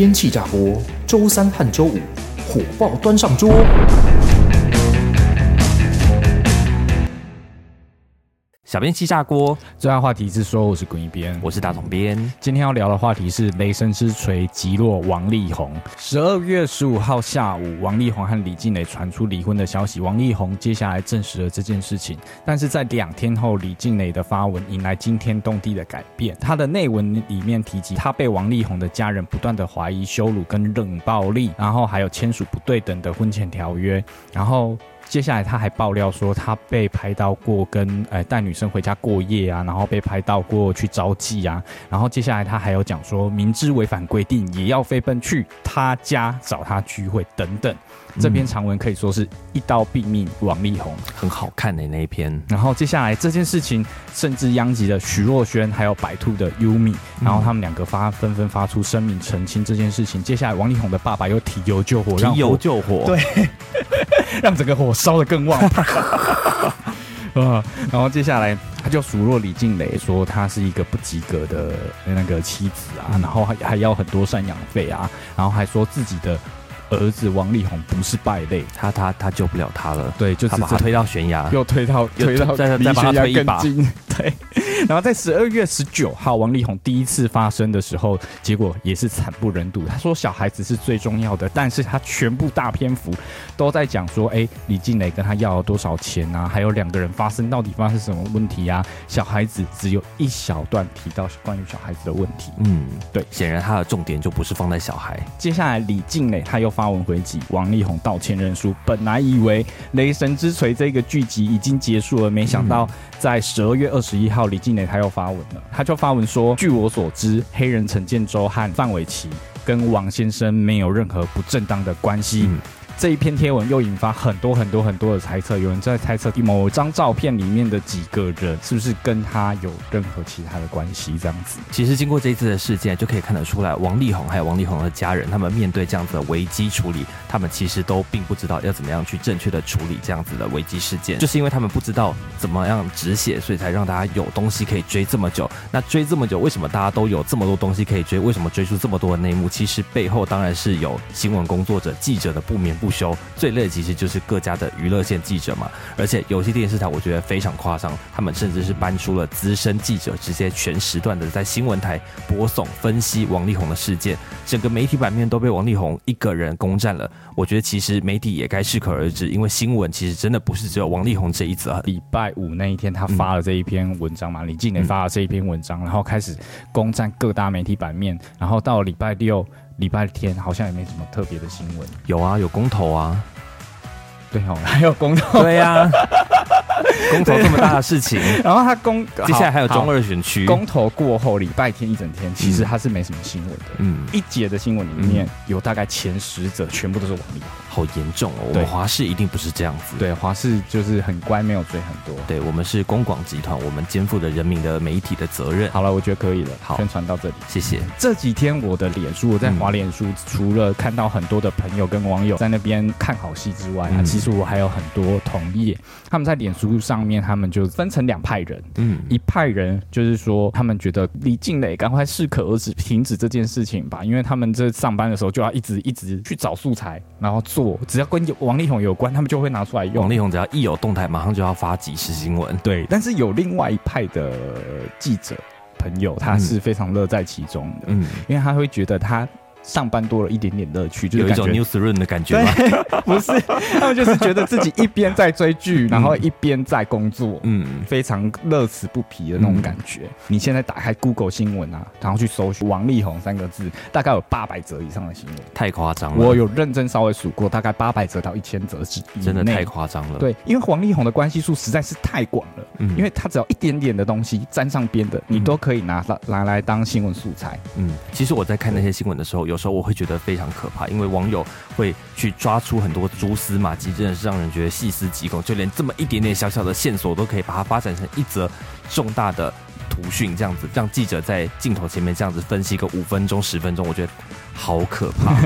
天氣炸鍋，週三和週五火爆端上桌。小編氣炸鍋，最後的話題是說，我是滾一編，我是打統編。今天要聊的話題是《蕾神之鎚》擊落王力宏。十二月十五號下午，王力宏和李靚蕾傳出離婚的消息。王力宏接下來證實了這件事情，但是在兩天後，李靚蕾的發文引來驚天動地的改變。她的內文裡面提及，她被王力宏的家人不斷的懷疑、羞辱跟冷暴力，然後還有簽署不對等的婚前條約，然後。接下來他還爆料說，他被拍到過跟呃帶女生回家過夜啊，然後被拍到過去召妓啊。然後接下來他還有講說，明知違反規定也要飛奔去他家找他聚會等等。這篇長文可以說是一刀斃命王力宏，很好看的、欸、那一篇。然後接下來這件事情甚至殃及了徐若瑄，還有白兔的優米、嗯，然後他們兩個發紛紛發出聲明澄清這件事情。接下來王力宏的爸爸又提油救火，提油救火，我對， 讓整個火。燒的更旺啊！ 然後接下來他就數落李靚蕾，說他是一個不及格的那個妻子啊，然後還還要很多贍養費啊，然後還說自己的。兒子王力宏不是敗類，他他他救不了他了。對，就直、是、接推到懸崖，又推到，又推推到再再把他推一把。對。然後在十二月十九號，王力宏第一次發聲的時候，結果也是慘不忍睹。他說小孩子是最重要的，但是他全部大篇幅都在講說，哎、欸，李靚蕾跟他要了多少錢啊？還有兩個人發生到底發生什麼問題呀、啊？小孩子只有一小段提到是關於小孩子的問題。嗯，對，顯然他的重點就不是放在小孩。接下來李靚蕾他又發發文回擊王力宏道歉認輸，本來以為《蕾神之鎚》這個劇集已經結束了，沒想到在十二月二十一號，李靚蕾他又發文了，他就發文說：“據我所知，黑人陳建州和范瑋琪跟王先生沒有任何不正當的關係。嗯”這一篇貼文又引發很多很多很多的猜測，有人在猜測某張照片裡面的幾個人是不是跟他有任何其他的關係這樣子。其實經過這一次的事件，就可以看得出來，王力宏還有王力宏的家人，他們面對這樣子的危機處理，他們其實都並不知道要怎麼樣去正確的處理這樣子的危機事件，就是因為他們不知道怎麼樣止血，所以才讓大家有東西可以追這麼久。那追這麼久，為什麼大家都有這麼多東西可以追？為什麼追出這麼多的內幕？其實背後當然是有新聞工作者、記者的不眠不休，最累的其實就是各家的娛樂線記者嘛，而且有些電視台我覺得非常誇張，他們甚至是搬出了資深記者，直接全時段的在新聞台播送分析王力宏的事件，整個媒體版面都被王力宏一個人攻占了。我覺得其實媒體也該適可而止，因為新聞其實真的不是只有王力宏這一則。禮拜五那一天他發了這一篇文章嘛，嗯、李靚蕾發了這一篇文章，嗯、然後開始攻占各大媒體版面，然後到禮拜六。禮拜天好像也沒什麼特別的新聞。有啊，有公投啊。對吼、哦，還有公投。對呀、啊， 公投這麼大的事情。對了 然後他公好接下來還有中二選區公投過後，禮拜天一整天其實他是沒什麼新聞的。嗯，一節的新聞裡面、嗯、有大概前十則全部都是王力宏。好嚴重哦！對我們華視一定不是這樣子。對，華視就是很乖，沒有追很多。對，我們是公廣集團，我們肩負着人民的媒體的責任。好了，我覺得可以了。好，宣傳到這裡，謝謝。這幾天我的臉書，我在華臉書，除了看到很多的朋友跟網友在那邊看好戲之外，啊、嗯，其實我還有很多同業，他們在臉書上面，他們就分成兩派人，嗯，一派人就是說，他們覺得李靚蕾趕快適可而止，停止這件事情吧，因為他們在上班的時候就要一直一直去找素材，然後做。只要跟王力宏有關，他們就會拿出來用。王力宏只要一有動態，馬上就要發即時新聞。對，但是有另外一派的記者朋友，他是非常樂在其中的，嗯嗯，因為他會覺得他。上班多了一點點樂趣，就是、有一種 newsroom 的感覺嗎？嗎？對，不是 他們就是覺得自己一邊在追劇，然後一邊在工作，嗯，非常樂此不疲的那種感覺。嗯、你現在打開 Google 新聞啊，然後去搜索“王力宏”三個字，大概有八百則以上的新聞，太誇張了。我有認真稍微數過，大概八百則到一千則之以內，真的太誇張了。對，因為王力宏的關係數實在是太廣了，嗯，因為他只要一點點的東西沾上邊的，你都可以拿拿、嗯、拿來當新聞素材。嗯，其實我在看那些新聞的時候。有時候我會覺得非常可怕，因為網友會去抓出很多蛛絲馬跡，真的是讓人覺得細思極恐。就連這麼一點點小小的線索，都可以把它發展成一則重大的圖訊，這樣子讓記者在鏡頭前面這樣子分析個五分鐘、十分鐘，我覺得好可怕。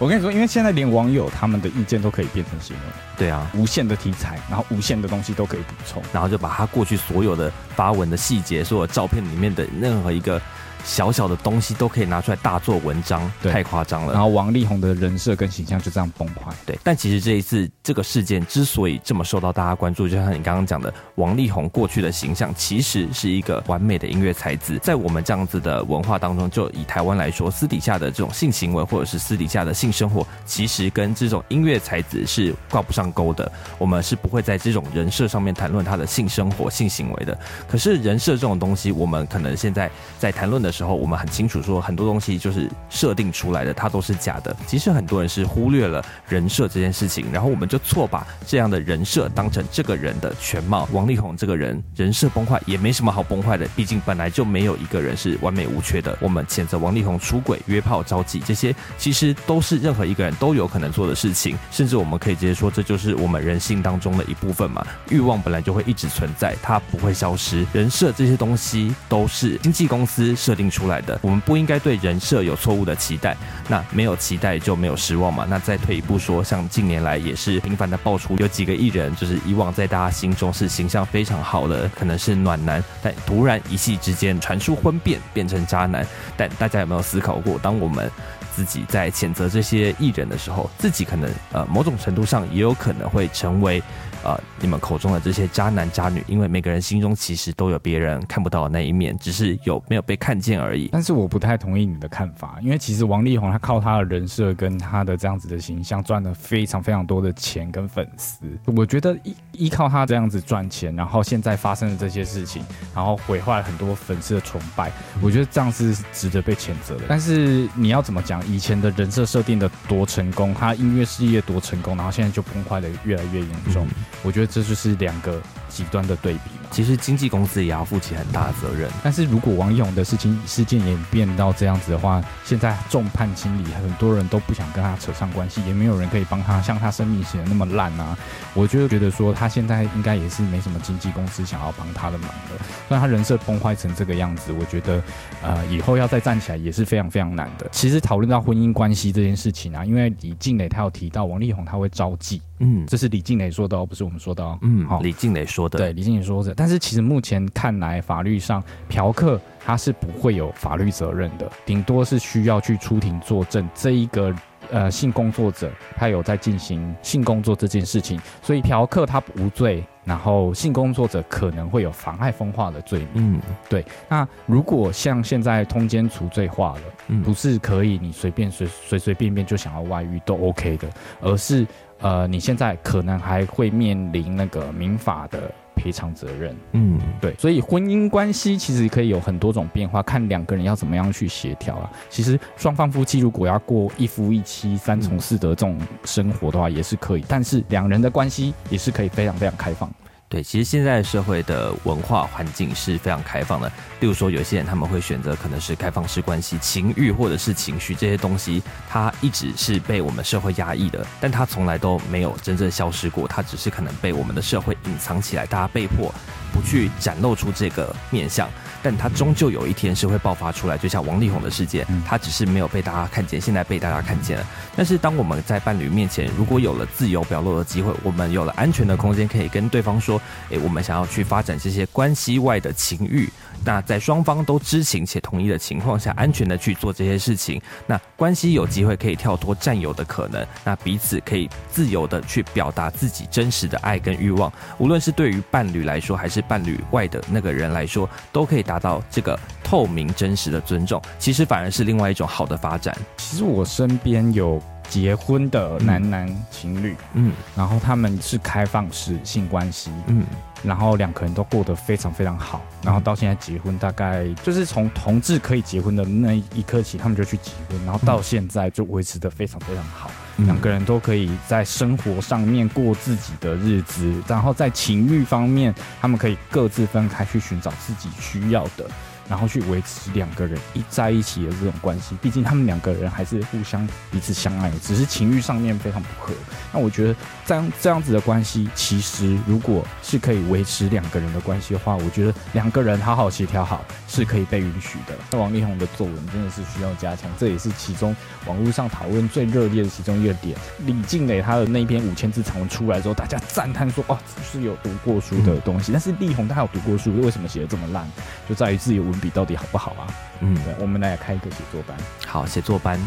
我跟你說，因為現在連網友他們的意見都可以變成新聞，對啊，無限的題材，然後無限的東西都可以補充，然後就把他過去所有的發文的細節、所有照片裡面的任何一個。小小的東西都可以拿出來大做文章，對太誇張了。然後王力宏的人設跟形象就這樣崩壞。對，但其實這一次這個事件之所以這麼受到大家關注，就像你剛剛講的，王力宏過去的形象其實是一個完美的音樂才子。在我們這樣子的文化當中，就以台灣來說，私底下的這種性行為或者是私底下的性生活，其實跟這種音樂才子是掛不上鈎的。我們是不會在這種人設上面談論他的性生活、性行為的。可是人設這種東西，我們可能現在在談論的。時候，我們很清楚說，很多東西就是設定出來的，它都是假的。其實很多人是忽略了人設這件事情，然後我們就錯把這樣的人設當成這個人的全貌。王力宏這個人，人設崩壞也沒什麼好崩壞的，畢竟本來就沒有一個人是完美無缺的。我們譴責王力宏出軌、約炮、招妓，這些其實都是任何一個人都有可能做的事情，甚至我們可以直接說，這就是我們人性當中的一部分嘛。欲望本來就會一直存在，它不會消失。人設這些東西都是經紀公司設定。定出來的，我們不應該對人設有錯誤的期待。那沒有期待就沒有失望嘛。那再退一步說，像近年來也是頻繁的爆出有幾個藝人，就是以往在大家心中是形象非常好的，可能是暖男，但突然一夕之間傳出婚變，變成渣男。但大家有沒有思考過，當我們自己在譴責這些藝人的時候，自己可能呃某種程度上也有可能會成為。呃，你們口中的這些渣男渣女，因為每個人心中其實都有別人看不到的那一面，只是有沒有被看見而已。但是我不太同意你的看法，因為其實王力宏他靠他的人設跟他的這樣子的形象賺了非常非常多的錢跟粉絲。我覺得依依靠他這樣子賺錢，然後現在發生的這些事情，然後毀壞了很多粉絲的崇拜，我覺得這樣是值得被譴責的。但是你要怎麼講？以前的人設設定的多成功，他音樂事業多成功，然後現在就崩壞的越來越嚴重。嗯我覺得這就是兩個。極端的對比嘛，其實經紀公司也要負起很大的責任，嗯。但是如果王力宏的事情事件演變到這樣子的話，現在眾叛親離，很多人都不想跟他扯上關係，也沒有人可以幫他，像他聲明寫的那麼爛啊。我就覺得說，他現在應該也是沒什麼經紀公司想要幫他的忙的。那他人設崩壞成這個樣子，我覺得、呃、以後要再站起來也是非常非常難的。其實討論到婚姻關係這件事情啊，因為李靚蕾她有提到王力宏他會招妓，嗯，這是李靚蕾說的哦，不是我們說的哦，嗯，好，李靚蕾說。對，李經理說着，但是其實目前看來，法律上嫖客他是不會有法律責任的，頂多是需要去出庭作證。這一個呃，性工作者他有在進行性工作這件事情，所以嫖客他無罪，然後性工作者可能會有妨害風化的罪名。嗯，對。那如果像現在通姦除罪化了，嗯、不是可以你隨便隨隨隨便便就想要外遇都 OK 的，而是。呃，你現在可能還會面臨那個民法的賠償責任，嗯，對，所以婚姻關係其實可以有很多種變化，看兩個人要怎麼樣去協調啊。其實雙方夫妻如果要過一夫一妻、三從四德這種生活的話也是可以，嗯、但是兩人的關係也是可以非常非常開放的。對，其實現在社會的文化環境是非常開放的。比如說，有些人他們會選擇可能是開放式關係、情慾或者是情緒這些東西，它一直是被我們社會壓抑的，但它從來都沒有真正消失過，它只是可能被我們的社會隱藏起來，大家被迫。不去展露出這個面相，但他終究有一天是會爆發出來。就像王力宏的世界，他只是沒有被大家看見，現在被大家看見了。但是當我們在伴侶面前，如果有了自由表露的機會，我們有了安全的空間，可以跟對方說：“誒、欸，我們想要去發展這些關係外的情欲。”那在雙方都知情且同意的情況下，安全的去做這些事情，那關係有機會可以跳脫占有的可能，那彼此可以自由的去表達自己真實的愛跟欲望，無論是對於伴侶來說，還是。伴侶外的那個人來說，都可以達到這個透明真實的尊重，其實反而是另外一種好的發展。其實我身邊有結婚的男男情侶，嗯，嗯，然後他們是開放式性關係，嗯，然後兩個人都過得非常非常好，然後到現在結婚，大概就是從同志可以結婚的那一刻起，他們就去結婚，然後到現在就維持得非常非常好。嗯、兩個人都可以在生活上面過自己的日子，然後在情慾方面，他們可以各自分開去尋找自己需要的，然後去維持兩個人一在一起的這種關係。畢竟他們兩個人還是互相彼此相愛，只是情慾上面非常不合。那我覺得。這樣這樣子的關係，其實如果是可以維持兩個人的關係的話，我覺得兩個人好好協調好是可以被允許的。那王力宏的作文真的是需要加強，這也是其中網絡上討論最熱烈的其中一個點。李靜蕾他的那篇五千字長文出來之後，大家讚嘆說：“哦，是有讀過書的東西。嗯”但是力宏他有讀過書，為什麼寫的這麼爛？就在於自己文筆到底好不好啊？嗯對，我們來開一個寫作班，好，寫作班。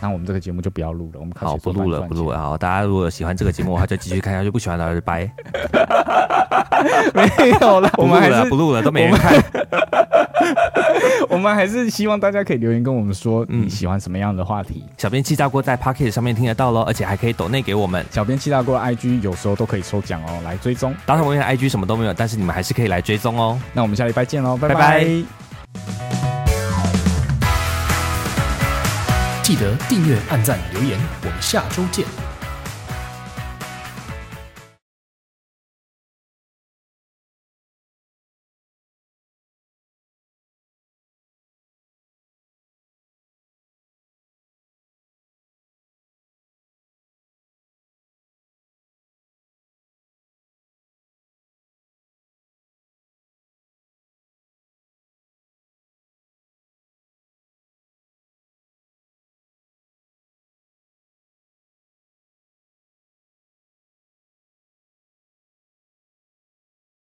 那我們這個節目就不要錄了，我們好不錄了，不錄了，好，大家如果喜歡這個節目，話就繼續看下去。 對就不喜歡的話就拜。沒有了，不錄了，不錄了，都沒人看。 我們還是希望大家可以留言跟我們說你喜歡什麼樣的話題。嗯、小編氣炸鍋在 Pocket 上面聽得到咯，而且還可以抖內給我們。小編氣炸鍋 IG 有時候都可以抽獎哦，來追蹤。當然，我現在 IG 什麼都沒有，但是你們還是可以來追蹤哦。那我們下禮拜見嘍，拜拜。拜拜。記得訂閱、按贊、留言，我們下周見。